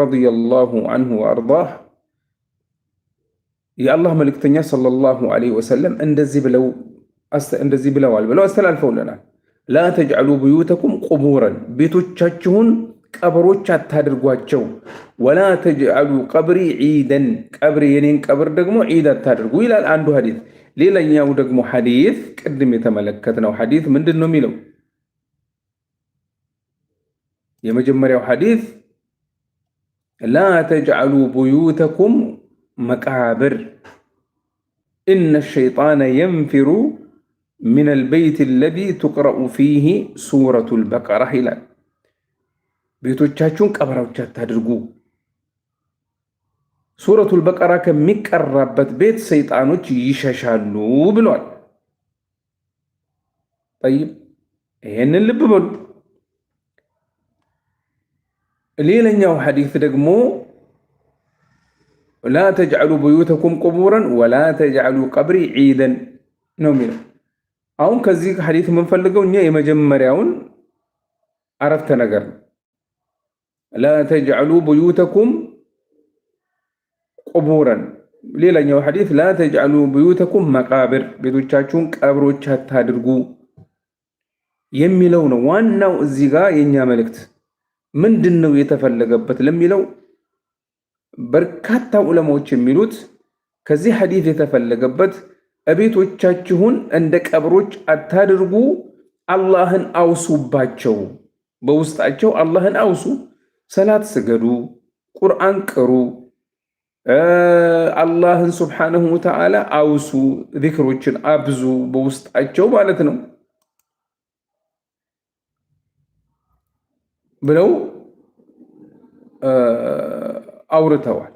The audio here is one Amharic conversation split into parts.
ረዲየላሁ አንሁ ወአርዳህ የአላህ መልእክተኛ ሰለላሁ ዐለይሂ ወሰለም እንደዚህ ብለዋል ብለው አስተላልፈውልናል። ላ ተጅዐሉ ብዩተኩም ቁቡረን ቤቶቻችሁን ቀብሮች አታድርጓቸው። ወላ ተጅዐሉ ቀብሪ ዒደን ቀብሪ የኔን ቀብር ደግሞ ዒድ አታድርጉ ይላል አንዱ ሐዲት። ሌላኛው ደግሞ ሐዲት ቅድም የተመለከትነው ሐዲት ምንድን ነው የሚለው? የመጀመሪያው ሐዲት لا تجعلوا بيوتكم مقابر إن الشيطان ينفر من البيت الذي تقرأ فيه سورة البقرة إلى بيتو تشاتشون كبرو تشاتشون سورة البقرة كميك الربت بيت سيطانو تشيشاشانو بلوان طيب هين اللي ببلو ሌላኛው ሐዲስ ደግሞ ላ ተጅዐሉ ብዩተኩም ቁቡረን ወላ ተጅዐሉ ቀብሪ ዒደን ነው የሚለው። አሁን ከዚህ ሐዲስ የምንፈልገው እኛ የመጀመሪያውን አረፍተ ነገር ነው። ላ ተጅዐሉ ብዩተኩም ቁቡረን። ሌላኛው ሐዲስ ላ ተጅዐሉ ብዩተኩም መቃብር፣ ቤቶቻችሁን ቀብሮች አታድርጉ የሚለው ነው ዋናው እዚህ ጋር የእኛ መልእክት ምንድን ነው የተፈለገበት ለሚለው በርካታ ዑለማዎች የሚሉት ከዚህ ሐዲት የተፈለገበት እቤቶቻችሁን እንደ ቀብሮች አታድርጉ፣ አላህን አውሱባቸው። በውስጣቸው አላህን አውሱ፣ ሰላት ስገዱ፣ ቁርአን ቅሩ፣ አላህን ሱብሓነሁ ወተዓላ አውሱ፣ ዚክሮችን አብዙ በውስጣቸው ማለት ነው። ብለው አውርተዋል።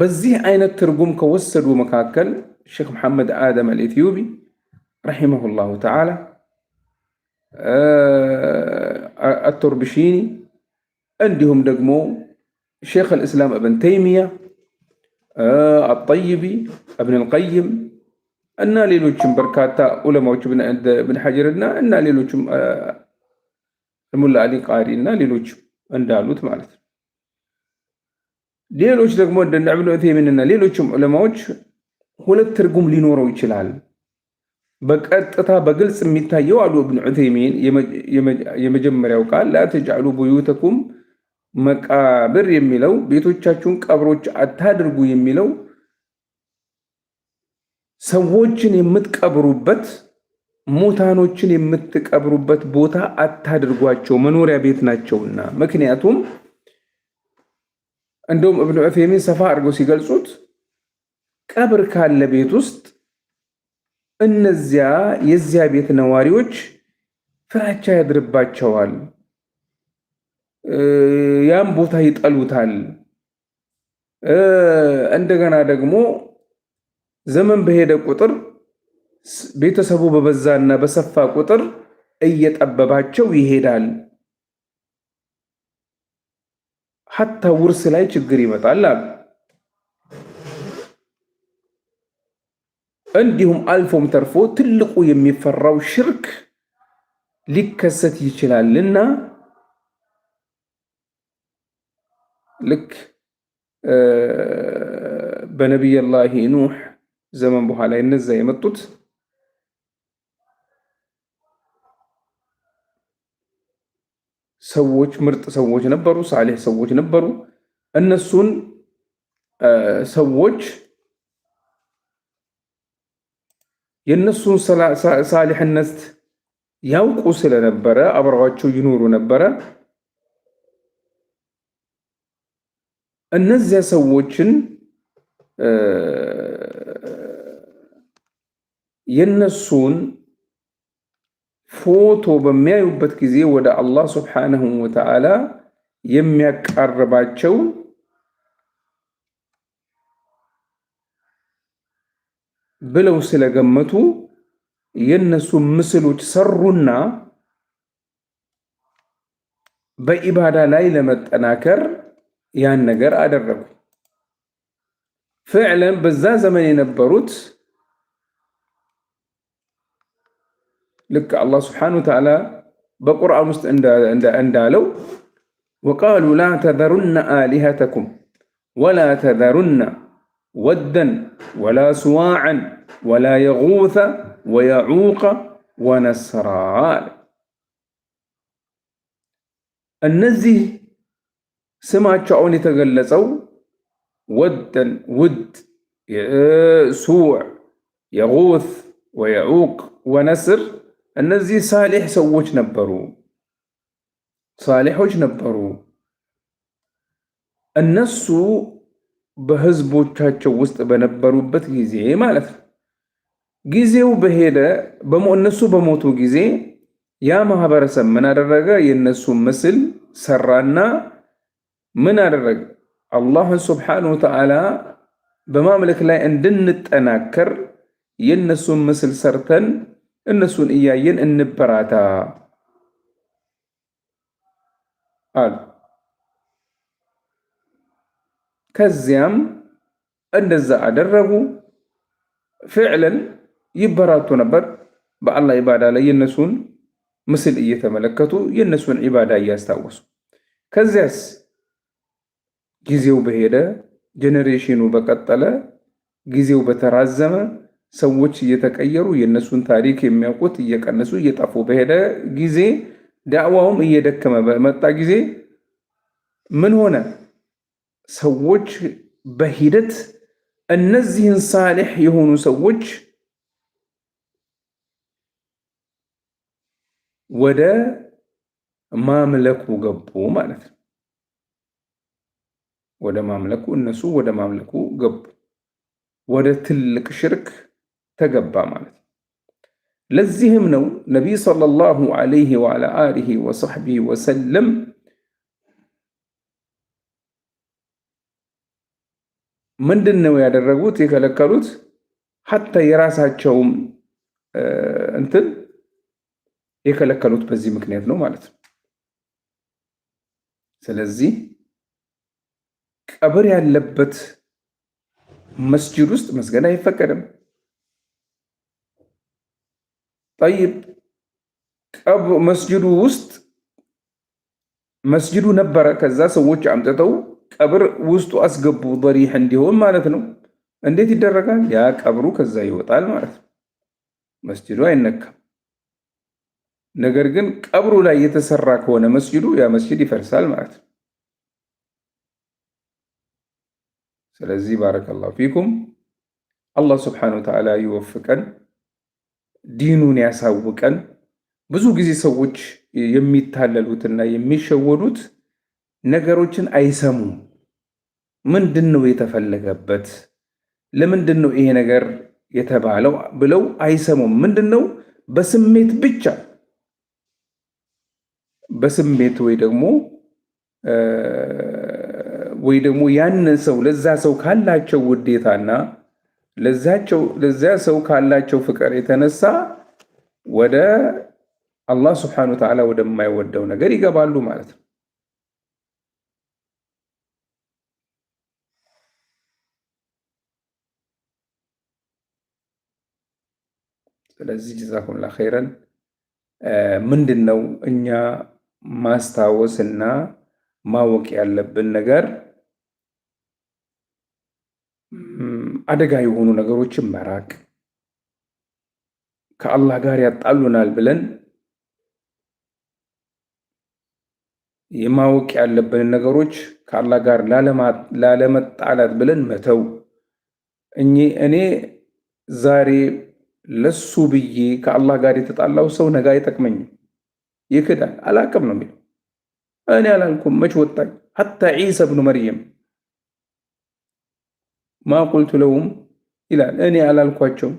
በዚህ አይነት ትርጉም ከወሰዱ መካከል ሼክ መሐመድ አደም አልኢትዮቢ رحمه الله تعالى آه التربشيني عندهم دقمو شيخ الإسلام ابن تيمية آه الطيبي ابن القيم أنا ليلوشم بركاتا علماء ابن حجر أنا ليلوشم ሙላ አሊ ቃሪ እና ሌሎች እንዳሉት ማለት ነው። ሌሎች ደግሞ እንደነ እብኑ ዑተይሚንና ሌሎችም ዑለማዎች ሁለት ትርጉም ሊኖረው ይችላል። በቀጥታ በግልጽ የሚታየው አሉ እብኑ ዑተይሚን የመጀመሪያው ቃል ላተጃሉ ቡዩተኩም መቃብር የሚለው ቤቶቻችሁን ቀብሮች አታድርጉ የሚለው ሰዎችን የምትቀብሩበት ሙታኖችን የምትቀብሩበት ቦታ አታድርጓቸው፣ መኖሪያ ቤት ናቸውና። ምክንያቱም እንደውም እብን ዑሰይሚን ሰፋ አድርገው ሲገልጹት ቀብር ካለ ቤት ውስጥ እነዚያ የዚያ ቤት ነዋሪዎች ፍራቻ ያድርባቸዋል፣ ያም ቦታ ይጠሉታል። እንደገና ደግሞ ዘመን በሄደ ቁጥር ቤተሰቡ በበዛና በሰፋ ቁጥር እየጠበባቸው ይሄዳል። ሀታ ውርስ ላይ ችግር ይመጣል አሉ። እንዲሁም አልፎም ተርፎ ትልቁ የሚፈራው ሽርክ ሊከሰት ይችላልና ልክ በነቢይላሂ ኑህ ዘመን በኋላ እነዛ የመጡት ሰዎች፣ ሰዎች ነበሩ፣ ሳሌህ ሰዎች ነበሩ። እነሱን ሰዎች የእነሱን ሳሊሕነት ያውቁ ስለነበረ አብረዋቸው ይኖሩ ነበረ። እነዚያ ሰዎችን የነሱን ፎቶ በሚያዩበት ጊዜ ወደ አላህ ስብሓነሁ ወተዓላ የሚያቃርባቸው ብለው ስለገመቱ የነሱ ምስሎች ሰሩና በኢባዳ ላይ ለመጠናከር ያን ነገር አደረጉ። ፍዕለን በዛ ዘመን የነበሩት لك الله سبحانه وتعالى بقرآن مست اندالو وقالوا لا تذرن آلهتكم ولا تذرن ودا ولا سواعا ولا يغوث ويعوق ونسرا النزه سمع شعوني تغلصوا ودا ود سوع يغوث ويعوق ونسر እነዚህ ሳሌሕ ሰዎች ነበሩ፣ ሳሌሖች ነበሩ። እነሱ በህዝቦቻቸው ውስጥ በነበሩበት ጊዜ ማለት ነው። ጊዜው በሄደ እነሱ በሞቱ ጊዜ ያ ማህበረሰብ ምን አደረገ? የእነሱ ምስል ሰራና ምን አደረገ? አላህን ሱብሓነሁ ወተዓላ በማምለክ ላይ እንድንጠናከር የእነሱን ምስል ሰርተን እነሱን እያየን እንበራታ አሉ። ከዚያም እንደዛ አደረጉ። ፍዕለን ይበራቱ ነበር በአላህ ኢባዳ ላይ የነሱን ምስል እየተመለከቱ የነሱን ኢባዳ እያስታወሱ። ከዚያስ ጊዜው በሄደ ጄኔሬሽኑ በቀጠለ ጊዜው በተራዘመ ሰዎች እየተቀየሩ የእነሱን ታሪክ የሚያውቁት እየቀነሱ እየጠፉ በሄደ ጊዜ ዳዕዋውም እየደከመ በመጣ ጊዜ ምን ሆነ? ሰዎች በሂደት እነዚህን ሳሌሕ የሆኑ ሰዎች ወደ ማምለኩ ገቡ ማለት ነው። ወደ ማምለኩ እነሱ ወደ ማምለኩ ገቡ፣ ወደ ትልቅ ሽርክ ተገባ ማለት ነው። ለዚህም ነው ነቢይ ሰለላሁ ዐለይሂ ወዐላ አሊሂ ወሰሕቢሂ ወሰለም ምንድን ነው ያደረጉት የከለከሉት? ሀታ የራሳቸውም እንትን የከለከሉት በዚህ ምክንያት ነው ማለት ነው። ስለዚህ ቀብር ያለበት መስጂድ ውስጥ መስገድ አይፈቀድም። ጠይብ መስጅዱ ውስጥ መስጅዱ ነበረ። ከዛ ሰዎች አምጥተው ቀብር ውስጡ አስገቡ፣ በሪህ እንዲሆን ማለት ነው። እንዴት ይደረጋል? ያ ቀብሩ ከዛ ይወጣል ማለት ነው። መስጅዱ አይነካም። ነገር ግን ቀብሩ ላይ የተሰራ ከሆነ መስጅዱ ያ መስጅድ ይፈርሳል ማለት ነው። ስለዚህ ባረከላሁ ፊኩም አላህ ስብሓነሁ ወተዓላ ይወፍቀን። ዲኑን ያሳውቀን። ብዙ ጊዜ ሰዎች የሚታለሉትና የሚሸወዱት ነገሮችን አይሰሙም። ምንድን ነው የተፈለገበት? ለምንድን ነው ይሄ ነገር የተባለው ብለው አይሰሙም። ምንድን ነው በስሜት ብቻ በስሜት ወይ ደግሞ ወይ ደግሞ ያንን ሰው ለዛ ሰው ካላቸው ውዴታና ለዚያ ሰው ካላቸው ፍቅር የተነሳ ወደ አላህ ስብሐነሁ ወተዓላ ወደማይወደው ነገር ይገባሉ ማለት ነው። ስለዚህ ጀዛኩሙላሁ ኸይረን። ምንድን ነው እኛ ማስታወስና ማወቅ ያለብን ነገር አደጋ የሆኑ ነገሮችን መራቅ ከአላህ ጋር ያጣሉናል ብለን የማወቅ ያለብንን ነገሮች ከአላህ ጋር ላለመጣላት ብለን መተው። እኔ ዛሬ ለሱ ብዬ ከአላህ ጋር የተጣላው ሰው ነገ አይጠቅመኝም፣ ይክዳል። አላቅም ነው የሚለው እኔ አላልኩም መች ወጣኝ። ሀታ ዒሳ ብኑ መርየም ما قلت لهم إلى أني على الكواتشو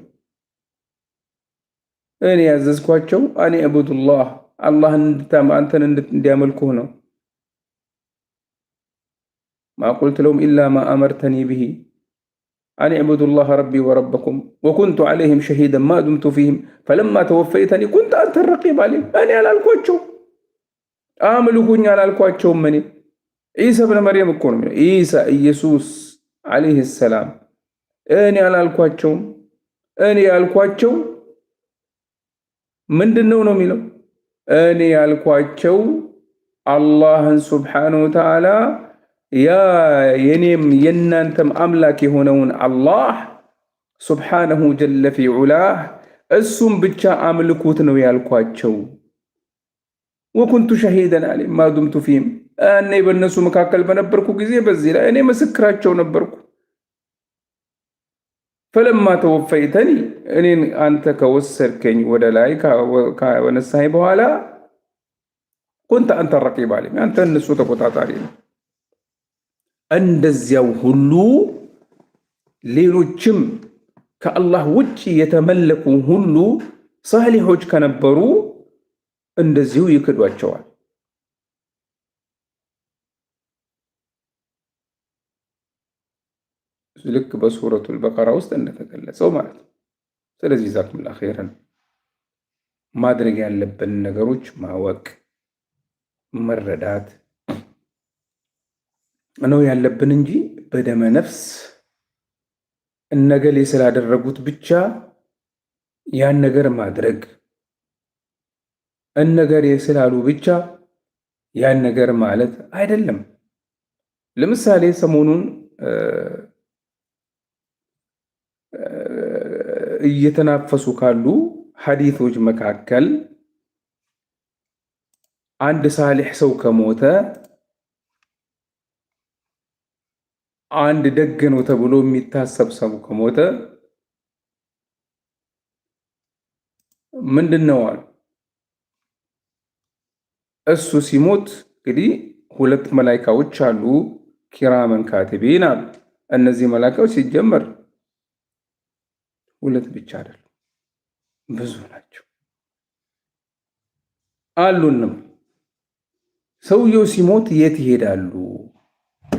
أني أزز كواتشو أني أبود الله الله نتام أنت نتام الكونة ما قلت لهم إلا ما أمرتني به أني أعبد الله ربي وربكم وكنت عليهم شهيدا ما دمت فيهم فلما توفيتني كنت أنت الرقيب عليهم أني على الكواتشو آملوا كوني على الكواتشو مني عيسى بن مريم كون عيسى يسوس عليه السلام أني على الكواتشوم أني على الكواتشوم من دنو نميلو أني على الكواتشوم الله سبحانه وتعالى يا ينيم ينانتم املاكي هنون الله سبحانه جل في علاه السم بجاء أملكوتنو يا الكواتشوم وكنت شهيدا عليه ما دمت فيهم እኔ በእነሱ መካከል በነበርኩ ጊዜ በዚህ ላይ እኔ ምስክራቸው ነበርኩ። ፈለማ ተወፈይተኒ እኔን አንተ ከወሰድከኝ ወደ ላይ ከነሳኝ በኋላ ኩንተ አንተ ረቂብ ዓለይሂም አንተ እነሱ ተቆጣጣሪ ነው። እንደዚያው ሁሉ ሌሎችም ከአላህ ውጭ የተመለኩ ሁሉ ሳሊሖች ከነበሩ እንደዚሁ ይክዷቸዋል። ልክ በሱረቱል በቀራ ውስጥ እንደተገለጸው ማለት ነው። ስለዚህ ዛኩምላ ኸይረን ማድረግ ያለብን ነገሮች ማወቅ መረዳት ነው ያለብን እንጂ በደመ ነፍስ እነገሌ ስላደረጉት ብቻ ያን ነገር ማድረግ እነገሌ ስላሉ ብቻ ያን ነገር ማለት አይደለም። ለምሳሌ ሰሞኑን እየተናፈሱ ካሉ ሐዲቶች መካከል አንድ ሳሊሕ ሰው ከሞተ አንድ ደግ ነው ተብሎ የሚታሰብ ሰው ከሞተ ምንድን ነው አሉ። እሱ ሲሞት እንግዲህ ሁለት መላይካዎች አሉ፣ ኪራመን ካቲቢን አሉ። እነዚህ መላይካዎች ሲጀመር ሁለት ብቻ አይደሉም፣ ብዙ ናቸው አሉንም። ሰውየው ሲሞት የት ይሄዳሉ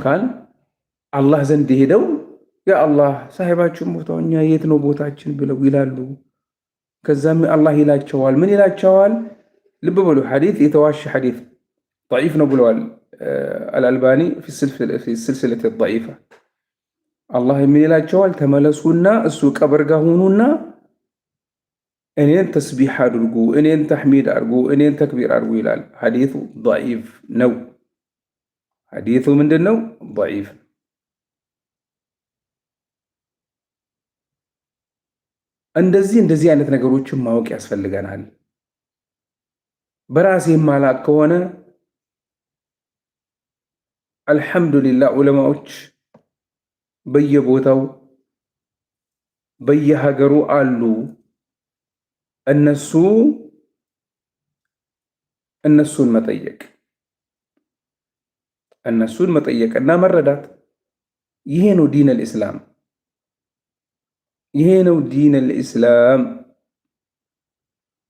ካል አላህ ዘንድ ሄደው የአላህ ሳሂባችሁ ቦታው እኛ የት ነው ቦታችን ብለው ይላሉ። ከዛም አላህ ይላቸዋል። ምን ይላቸዋል? ልብ በሉ ሐዲት የተዋሸ ሐዲት ضعيፍ ነው ብለዋል አልአልባኒ ፊ ስልስለት ضعيفة አላህ የሚላቸዋል ተመለሱና እሱ ቀብር ጋር ሁኑና እኔን ተስቢሕ አድርጉ፣ እኔን ተሕሚድ አድርጉ፣ እኔን ተክቢር አድርጉ ይላል። ሐዲቱ ደዒፍ ነው። ሐዲቱ ምንድን ነው? ደዒፍ እንደዚህ እንደዚህ አይነት ነገሮችን ማወቅ ያስፈልገናል። በራሴ ማላቅ ከሆነ አልሐምዱሊላህ ዑለማዎች በየቦታው በየሀገሩ አሉ። እነሱ እነሱን መጠየቅ እነሱን እና መረዳት ይሄ ነው ዲን አልኢስላም። ይሄ ነው ዲን አልኢስላም።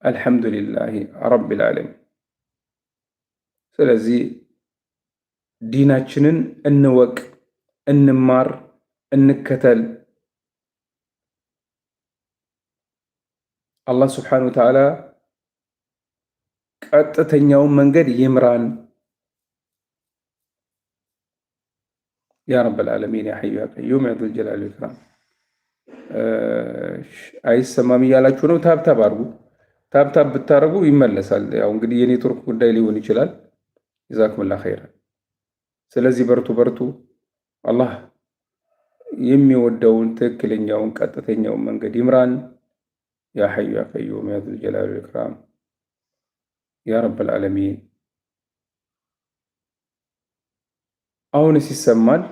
አልሐምዱሊላሂ ረብል ዓለሚን። ስለዚህ ዲናችንን እንወቅ፣ እንማር እንከተል። አላህ ስብሓነሁ ወተዓላ ቀጥተኛውን መንገድ ይምራን። ያ ረብል ዓለሚን ያ ሐዩ ያ ቀዩም ያ ዘል ጀላሊ አይሰማም እያላችሁ ነው። ታብታብ አድርጉ። ታብታብ ብታደርጉ ይመለሳል። ያው እንግዲህ የኔትወርክ ጉዳይ ሊሆን ይችላል። ጀዛኩሙላህ ኸይራን። ስለዚህ በርቱ በርቱ አላህ የሚወደውን ትክክለኛውን ቀጥተኛውን መንገድ ይምራን። ያ ሐዩ ያ ቀዩም ያ ዙልጀላል ወልኢክራም ያ ረብል ዓለሚን። አሁንስ ይሰማል?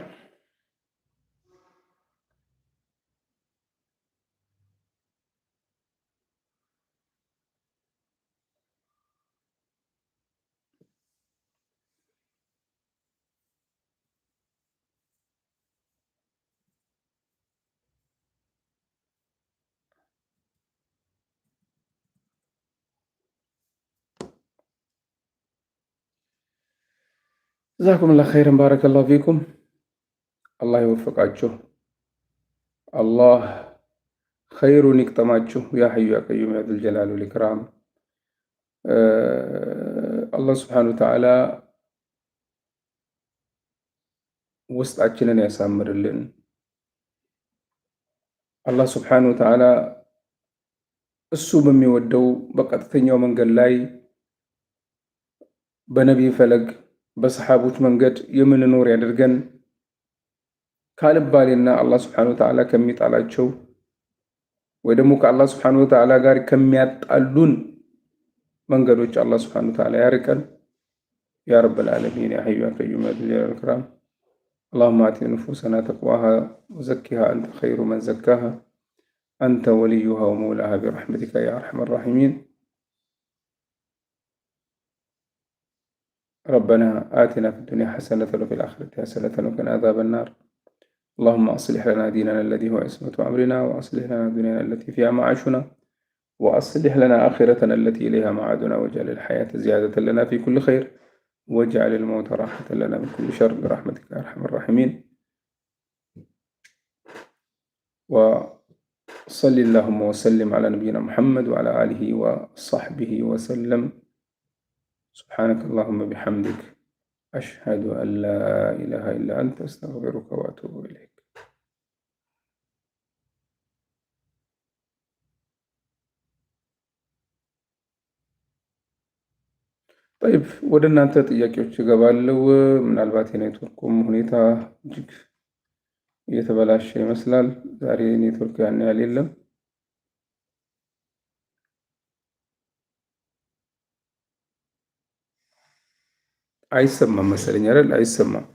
ጀዛኩሙላህ ኸይረን ባረከላሁ ፊኩም። አላህ ይወፈቃችሁ። አላህ ኸይሩን ይቅጠማችሁ። ያ ሐዩ ያ ቀዩም ያ ዘል ጀላሊ ኢክራም። አላህ ሱብሓነሁ ወተዓላ ውስጣችንን ያሳምርልን። አላህ ሱብሓነሁ ወተዓላ እሱ በሚወደው በቀጥተኛው መንገድ ላይ በነቢይ ፈለግ በሰሓቦች መንገድ የምንኖር ያደርገን። ካልባሌና አላህ ስብሐነሁ ወተዓላ ከሚጣላቸው ወይ ደግሞ ከአላህ ስብሐነሁ ወተዓላ ጋር ከሚያጣሉን መንገዶች አላህ ስብሐነሁ ወተዓላ ያርቀን። ያ ረብል ዓለሚን ያ ሐዩ ያ ቀዩም ያ ذል ጀላሊ ወልኢክራም اللهم آت نفوسنا تقواها وزكها أنت خير من زكاها أنت وليها ومولاها برحمتك يا أرحم الراحمين ربنا آتنا في الدنيا حسنة وفي الآخرة حسنة وقنا عذاب النار اللهم أصلح لنا ديننا الذي هو عصمة أمرنا وأصلح لنا دنيانا التي فيها معاشنا وأصلح لنا آخرتنا التي إليها معادنا واجعل الحياة زيادة لنا في كل خير واجعل الموت راحة لنا من كل شر برحمتك يا أرحم الراحمين وصل اللهم وسلم على نبينا محمد وعلى آله وصحبه وسلم سبحانك اللهم بحمدك أشهد أن لا إله إلا أنت أستغفرك وأتوب إليك طيب ወደ እናንተ ጥያቄዎች እገባለሁ። ምናልባት የኔትወርኩም ሁኔታ እጅግ እየተበላሸ ይመስላል። ዛሬ ኔትወርክ ያን ያህል የለም። አይሰማም መሰለኝ አይደል? አይሰማም